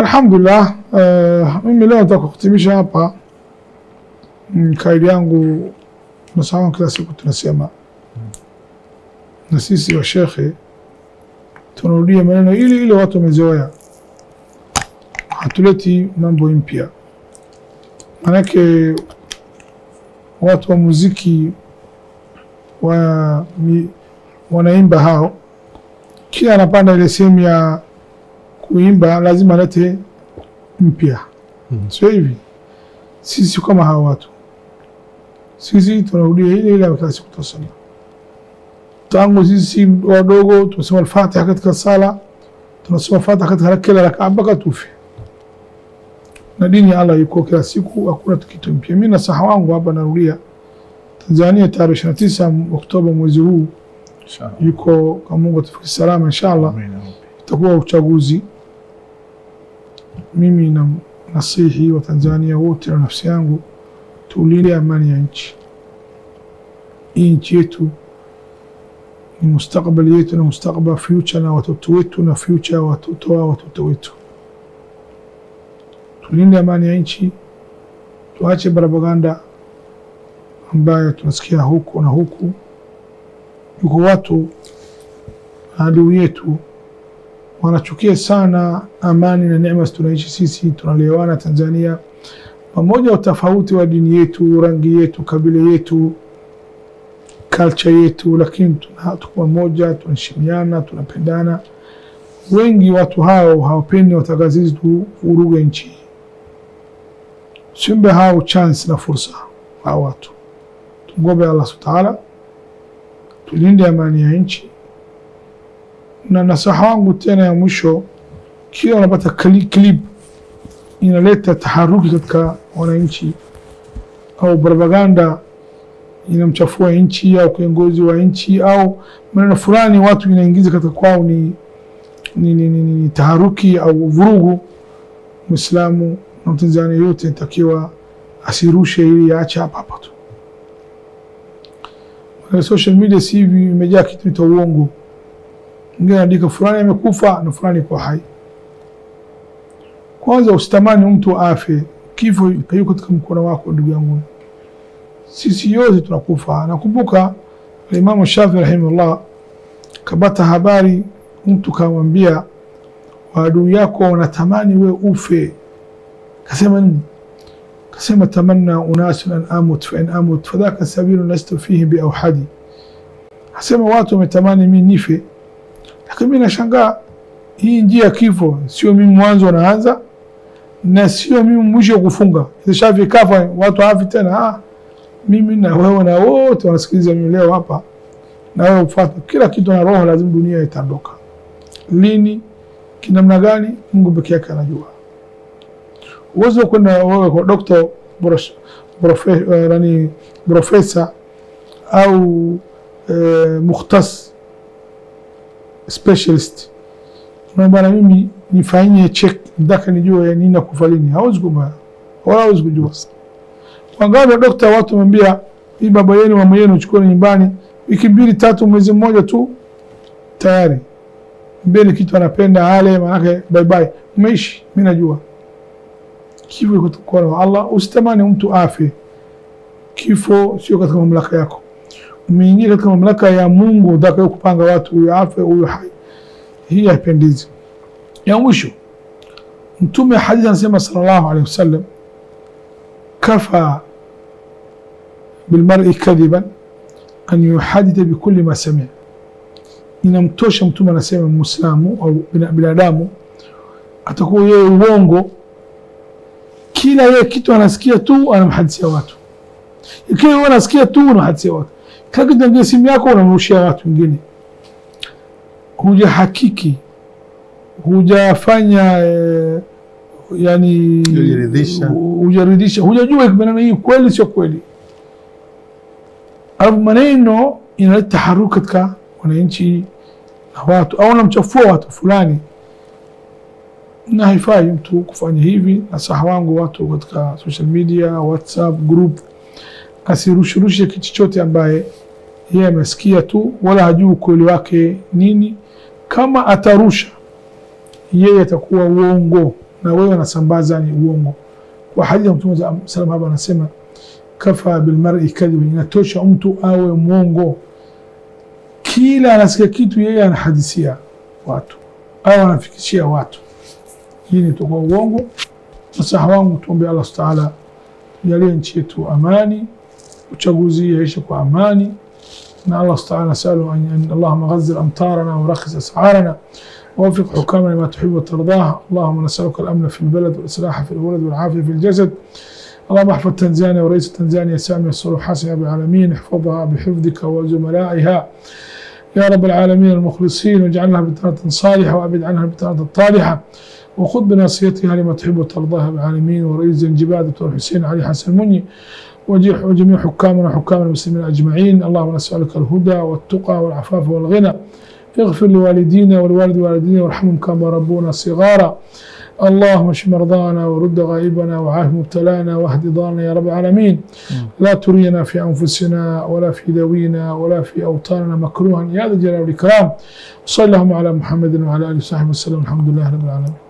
Alhamdulillah, uh, mimi leo nataka kuhitimisha hapa mm, kaidi yangu. Nasahau kila siku tunasema na sisi washekhe tunarudia maneno ili ile watu wamezoea, hatuleti mambo mpya. maanake watu wa muziki wa, wanaimba hao, kila anapanda ile sehemu ya kuimba lazima alete mpya mm -hmm. Sio hivi sisi kama hawa watu, sisi tunarudia ile ile kila siku tutasoma. Tangu sisi wadogo tunasoma Al-Fatiha katika sala, tunasoma al Fatiha katika kila rak'a mpaka tufe, na dini ya Allah iko kila siku, hakuna kitu mpya. Mimi na saha wangu hapa narudia Tanzania tarehe 29 Oktoba mwezi huu Inshallah. yuko kama Mungu atufikie salama inshallah, itakuwa uchaguzi mimi na nasihi wa tanzania wote na nafsi yangu, tulinde amani ya nchi hii. Nchi yetu ni mustakabali yetu na mustakabali future na watoto wetu na future ya watoto wa watoto wetu. Tulinde amani ya nchi, tuache propaganda ambayo tunasikia huku na huku. Yuko watu na adui yetu wanachukia sana amani na neema tunaishi sisi, tunalewana Tanzania, pamoja utofauti wa dini yetu, rangi yetu, kabila yetu, culture yetu, lakini tuko moja, tunaheshimiana, tunapendana. Wengi watu hao hawapendi watagazizi tu vuruge nchi. Simbe hao chance na fursa hao watu, tungombe Allah subhanahu wa ta'ala, tulinde amani ya nchi na nasaha wangu tena ya mwisho, kila unapata clip inaleta taharuki katika wananchi au propaganda inamchafua nchi au kiongozi wa nchi au maneno fulani, watu inaingiza katika kwao ni, ni, ni, ni, ni taharuki au vurugu. Muislamu na Mtanzania yote takiwa asirushe ili aache hapa hapa tu. Social media si hivi, imejaa kitu cha uongo. Mwingine anaandika fulani amekufa na fulani kwa hai. Kwanza usitamani mtu afe, kifo kayo katika mkono wako ndugu yangu. Sisi yote tunakufa. Nakumbuka Imamu Shafi rahimahullah kabata habari, mtu kamwambia waadui yako wanatamani we ufe, kasema nini? Kasema tamanna unasun an amut fa in amut fadhaka sabilu lastu fihi biauhadi, asema watu wametamani mi nife lakini mimi nashangaa hii njia ya kifo, sio mimi mwanzo naanza na sio mimi mwisho kufunga. Ishavikafa watu hafi tena. Ah, mimi na wewe na wote wanasikiliza mimi leo hapa na wewe ufuate kila kitu na roho, lazima dunia itaondoka. Lini, kinamna gani, Mungu pekee yake anajua. Uwezo kwenda wewe kwa dokta profesa uh, au uh, mukhtas specialist. Na bwana mimi nifanyie check ndaka nijue ya nini nakufa lini. Hawezi kuma. Wala hawezi kujua. Kwa ngapi dokta watu mambia hii baba yenu mama yenu chukua nyumbani wiki mbili tatu mwezi mmoja tu tayari. Mbele kitu anapenda ale manake bye bye. Umeishi mimi najua. Kifo iko kwa Allah, usitamani mtu afe. Kifo sio katika mamlaka yako umeingia katika mamlaka ya Mungu utakayo kupanga watu, huyo afe huyo hai. Hii haipendezi. Ya mwisho, Mtume hadithi anasema sallallahu alaihi wasallam, kafa bilmari kadhiban an yuhaditha bikuli ma samia, inamtosha. Mtume anasema muislamu au binadamu atakuwa yeye uongo kila yeye kitu anasikia tu anamhadithia watu, kila anasikia tu anamhadithia watu Kakitangia simu yako unamrushia watu wengine, hakiki hujafanya e, eh, yani hujaridhisha, hujajua maneno hii kweli sio kweli. Alafu maneno inaleta taharuki katika wananchi na watu, au namchafua watu fulani, na haifai mtu kufanya hivi. Nasaha wangu watu katika social media, WhatsApp group asirushurushe kitu chochote ambaye yeye amesikia tu wala hajui ukweli wake nini. Kama atarusha yeye atakuwa uongo na wewe unasambaza ni uongo. Kwa hadithi ya Mtume sallallahu hapa anasema kafa bilmari kadhiba, inatosha mtu awe mwongo. Kila anasikia kitu yeye anahadisia watu au anafikishia watu, hii ni toka uongo. Nasaha wangu tuombe Allah subhanahu wa ta'ala, tujalie nchi yetu amani. uchaguzi yaishe kwa amani na Allah subhanahu nasalu an allahuma ghazzil amtarana warakhis asarana ووفق حكامنا لما تحب وترضاه اللهم نسألك الأمن في البلد والإصلاح في الولد والعافية في الجسد اللهم احفظ تنزانيا ورئيس تنزانيا سامي الصلح حسن العالمين، احفظها بحفظك وزملائها يا رب العالمين المخلصين واجعلها بطانة صالحة وأبعد عنها بطانة طالحة وخذ بناصيتها لما تحب وترضاها العالمين، ورئيس زنجباد الدكتور حسين علي حسن مني وجميع حكامنا وحكام المسلمين أجمعين اللهم نسألك الهدى والتقى والعفاف والغنى اغفر لوالدينا ولوالد والدينا وارحمهم كما ربونا صغارا اللهم اشف مرضانا ورد غائبنا وعاف مبتلانا واهد ضالنا يا رب العالمين لا ترينا في انفسنا ولا في ذوينا ولا في اوطاننا مكروها يا ذا الجلال والاكرام صلى اللهم على محمد وعلى اله وصحبه وسلم الحمد لله رب العالمين